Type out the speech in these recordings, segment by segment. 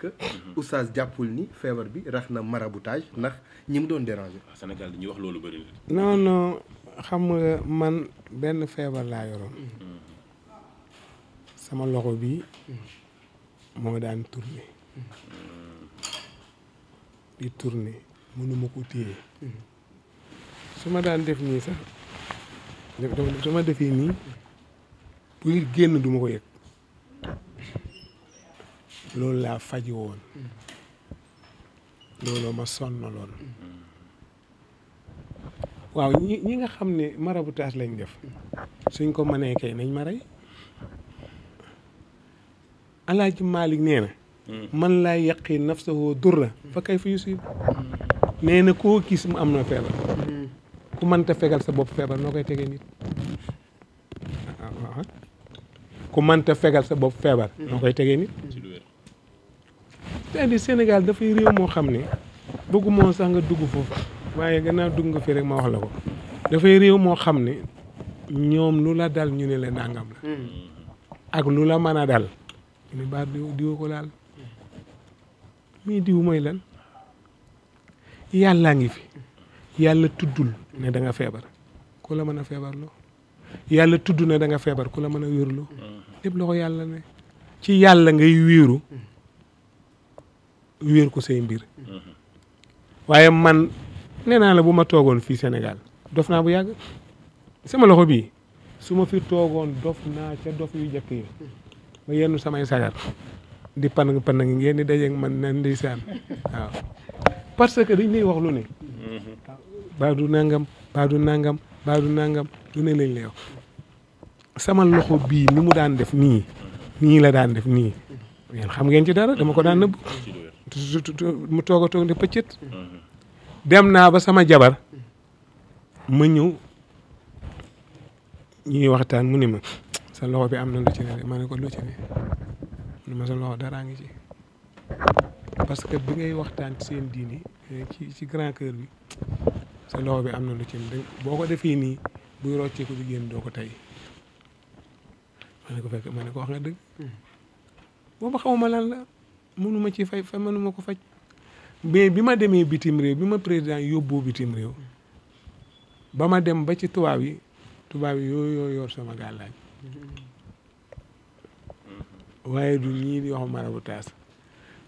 que oustaz jàppul ni feebar bi rax na maraboutage ndax ñi mu doon déranger. senegal ah, Sénégal dañuy wax loolu bëri na. non xam nga man benn feebar laa yoroon. sama loxo bi moo daan tourner. di tourner mënuma ko téye. su ma daan def nii sax su ma defee nii. pour génn duma ko yëg. loolu laa faji woon looloo ma sonnaloon waaw ñi ñi nga xam ne maraboutage lañ def suñ ko mënee kay nañ ma rey alaaji Malick nee na man laay yaqi nafsahu durra fa kay fa yusib nee na koo gis mu am na feebar ku mënta fegal sa bopp feebar noo koy tegee nit ah, ah, ah. ku mënta fegal sa bopp feebar noo koy tegee nit c'est-à-dire dafay réew moo xam ne bëggu moo sax nga dugg foofu waaye gannaaw dugg nga fi rek ma wax la ko dafay réew moo xam ne ñoom lu la dal ñu ne la nangam la. Hmm. ak lu la mën a dal. ñu ne baar diw ko laal mii diw mooy lan yàllaa ngi fi yàlla tuddul ne danga feebar ku la mën a feebar loo yàlla tudd ne danga feebar ku la mën a wérloo hmm. lépp loxo yàlla ne ci yàlla ngay wéeru hmm. wéer ko say mhm. waaye man nee naa la bu ma toogoon fii senegal dof naa bu yàgg sama loxo bii su ma fi toogoon dof naa ca dof yu jëkk yi ma yenn samay sagar di panang panang ngeen di dajeeg man na ndeysaan waaw parce que dañ lay wax lu ne mhm. baadu nangam baadu nangam baadu nangam lu ne lañ lay wax sama loxo bii ni mu daan def nii nii la daan def nii ngeen xam ngeen ci dara dama ko daan nëbb mhm. mu toog a toog ne pëccët dem naa ba sama jabar ma ñëw ñuy waxtaan mu ni ma sa loxo bi am na lu ci ne ma ne ko lu ci ne mu ma sa loxo daraa ngi ci parce que bi ngay waxtaan seen diini eh, ci ci grand cœur bi sa loxo bi am na lu ci ne boo ko defee nii buy roccee ko bi génn doo ko tey ma ne ko fekk ma ne ko wax nga dëgg hmm. mënuma ci fay fa mënuma ko faj mais bi ma demee bitim réew bi ma président yóbboo bitim réew ba ma dem ba ci tubaab yi tubaab yi yooyu yoo yor sama gàllaaj waaye du ñii di wax marabutaas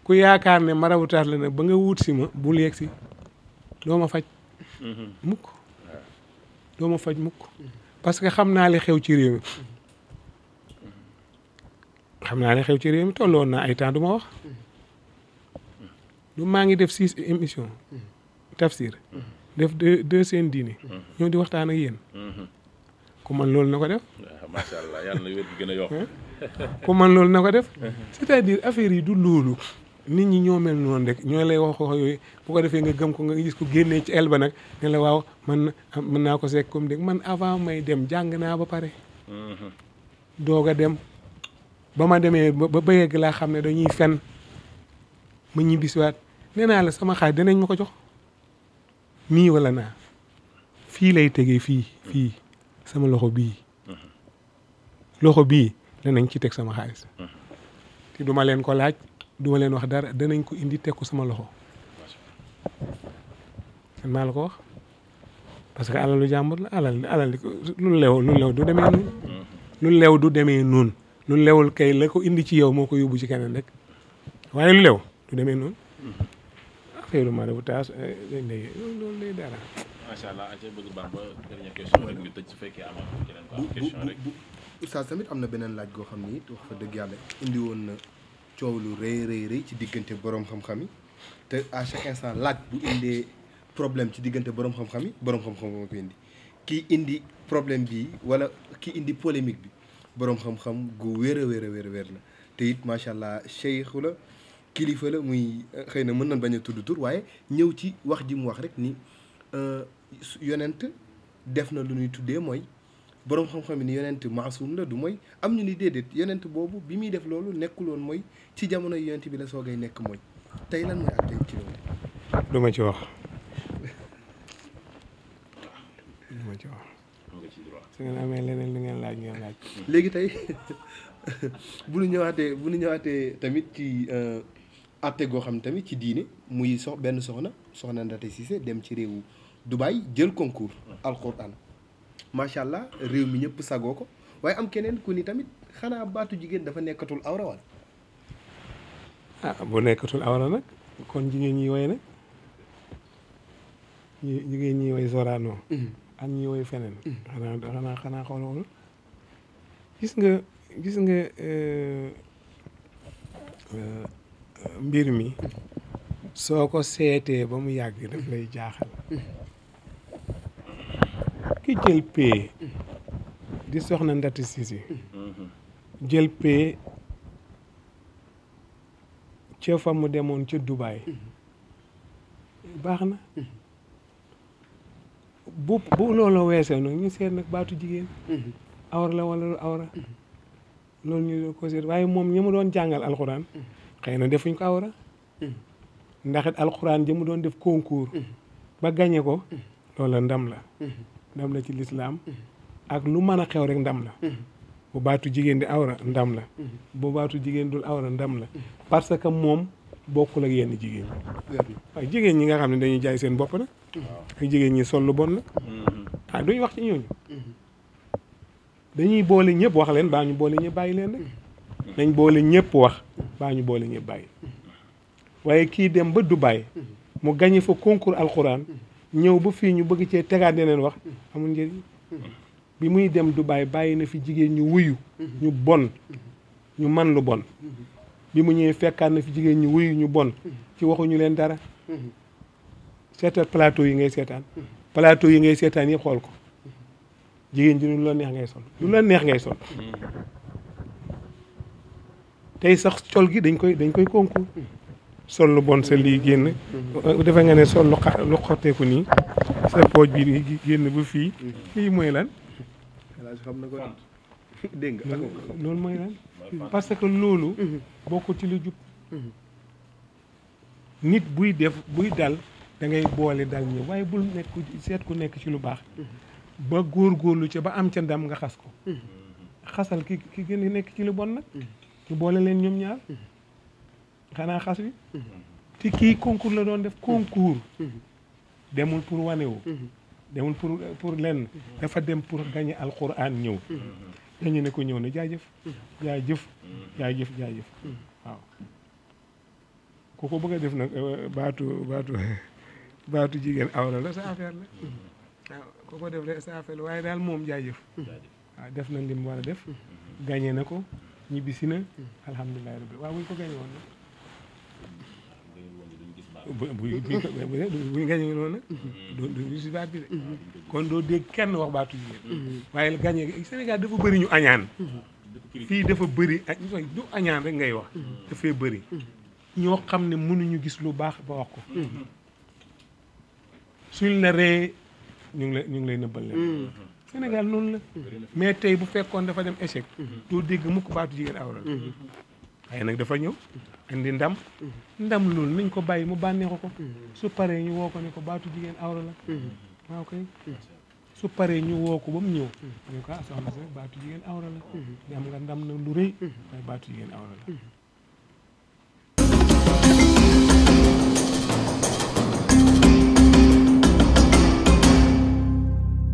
ku yaakaar ne marabutaas la nag ba nga wut si ma bul yegg si doo ma faj mhm. mukk doo ma faj mukk parce que xam naa li xew ci réew xam naa ne xew ci réew mi toll naa ay temps du ma wax du maa ngi def six émission tafsir def deux deux seen diine ñoo di waxtaan ak yéen ku man loolu na ko def ah, macha a yokk ku man loolu na ko def cest à affaire yi du loolu nit ñi ñoo mel noonu rek ñoo lay wax wax yooyu bu ko defee nga gëm ko nga gis ko génnee ci el ba nag ne waaw man mën naa ko seek comme dégg man avant may dem jàng naa ba pare mhm. doog a dem ba ma demee ba ba yegg laa xam ne dañuy sen ma ñibbi siwaat nee naa la sama xaaj danañ ma ko jox nii wala naa fii lay tegee fii fii sama loxo bii loxo bii danañ ci teg sama xaalis te duma leen ko laaj duma leen wax dara danañ ko indi teg ko sama loxo man maa la ko wax parce que alalu jàmbur la alal alal lu lew lu lew du demee noonu lu lew du demee noonu lu lewul kay la ko indi ci yow moo ko yóbbu ci keneen rek waaye lu lew lu demee noonu affaire ma bu taas eh, dañ macha allah aca bëgg Bamba dernière question su fekkee am keneen ko am na beneen laaj goo xam ni it wax fa dëgg yàlla indi woon na coow lu rëy rëy ci diggante boroom xam-xam yi te à chaque instant laaj bu indee problème ci diggante boroom xam-xam yi borom xam-xam moo ko indi kii indi problème bi wala kii indi polémique bi boroom xam-xam gu wér a wér wér la te it macha allah cheikhu la kilifa la muy euh, xëy na mën nañ bañ a tudd tur waaye ñëw ci wax ji mu wax rek ni euh, yonent def na lu ñuy tuddee mooy boroom xam-xam yi ni yonent maasum la du mooy am ñu ni déedéet yonent boobu bi muy def loolu nekkul woon mooy ci jamono yonent bi la soogay nekk mooy tey lan mooy àttee ci loolu. ci wax lu ci wax. su ngeen amee leneen lu ngeen laaj ngeen laaj. léegi tey bu ñu ñëwaatee bu ñu ñëwaatee tamit ci euh, àtte goo xam ne tamit ci diine muy sox benn soxna soxna Ndate Cissé dem ci réewu Dubaï jël concours. alquran macha allah réew mi ñëpp sagoo ko waaye am keneen ku ni tamit xanaa baatu jigéen dafa nekkatul awra wala. ah bu nekkatul awra nag kon jigéen ñi woy nag jigéen ñi woy soraanoo. Mhm. ak ñi woy feneen. Mm. xanaa xanaa xanaa xoolal gis nga gis nga euh, euh, mbir mi soo ko seetee ba mu yàgg daf lay jaaxal. ki jël di soxna Ndati Sisi jël pee ca fa mu demoon ca Dubaay mm-hmm. baax na. Mm-hmm. bu bu loolu la weesoo nag ñu seet nag baatu jigéen mm-hmm. awra la wala awra mm-hmm. loolu ñu ko seet waaye moom ñi mu doon jàngal alxuraan mm-hmm. xëy na defuñ ko awra ndax alxuraan ji mu doon def concours ba gañe ko loola ndam la ndam la ci lislaam ak lu mën a xew rek ndam la bu baatu jigéen di awra ndam la bu baatu jigéen dul awra ndam la parce que moom bokkul ak yenn jigéen ñi. jigéen ñi nga xam ne dañuy jaay seen bopp nag. ak jigéen ñi sol lu bon nag. Mm-hmm. ah duñ wax ci ñu mm-hmm. dañuy boole ñëpp wax leen baa ñu boole ñëpp bàyyi leen rek. Mm-hmm. nañ boole ñëpp wax baa ñu boole ñëpp bàyyi. waaye kii dem ba Dubaï. mu gagné fa concours alxuraan. ñëw ba fii ñu bëgg cee tegaat neen wax amul njëriñ. bi muy dem Dubaï bàyyi na fi jigéen ñu wuyu. ñu bon ñu man lu bon. bi mu ñëwee fekkaat na fi jigéen ñu wuyu ñu bon ci waxuñu leen dara seetal plateau yi ngay seetaan plateau yi ngay seetaan yi xool ko jigéen ji lu la neex ngay sol lu la neex ngay sol tey sax sol gi dañ koy dañ koy concours sol lu bon sa lii génn defe nga ne sol lu lu xotteeku nii sa pooj bi génn bu fii mm-hmm. lii mooy lan xam na ko loolu mooy lan parce que loolu mm-hmm. bokku ci lu jub mm-hmm. nit buy def buy dal da ngay boole dal ñi waaye bul nekk seet ku nekk ci lu baax mm-hmm. ba góor góorlu ci ba am ca ndam nga xas ko xasal ki ki gën a nekk ci lu bon nag ñu boole leen ñoom ñaar xanaa xas wi te kii concours la doon def concours demul pour wanewu demul pour pour lenn dafa dem pour gagner alquran ñëw dañu ne ko ñëw ne jaajëf jaajëf jaajëf jaajëf waaw ku ko bëgg def na eh, baatu baatu baatu jigéen awra la sa affaire la waaw ku ko waaye daal moom jaajëf waaw def na li mu war a def mm-hmm. gañe na ko ñibbisi na alhamdulilahi rabbil waaw buñ ko gañe woon nag bu bu bu gañee noonu nag doo résultat bi kon doo dégg kenn wax baatu jigéen waaye gañee senegal dafa bëri ñu añaan fii dafa bëri du añaan rek ngay wax dafay bëri ñoo xam ne mënuñu gis lu baax ba wax ko suñ la ree ñu ngi lay ñu ngi lay nëbbal leen Sénégal noonu la mais tey bu fekkoon dafa dem échec doo dégg mukk baatu jigéen awra waaye nag dafa ñëw ndam ndam loolu nañ ko bàyyi mu bànneexu ko su paree ñu woo ko ne ko baatu jigéen awra la waaw su paree ñu woo ko ba mu ñëw ñu ko ah, soxna si baatu jigéen awra la am nga ndam nag lu rëy waaye baatu jigéen awra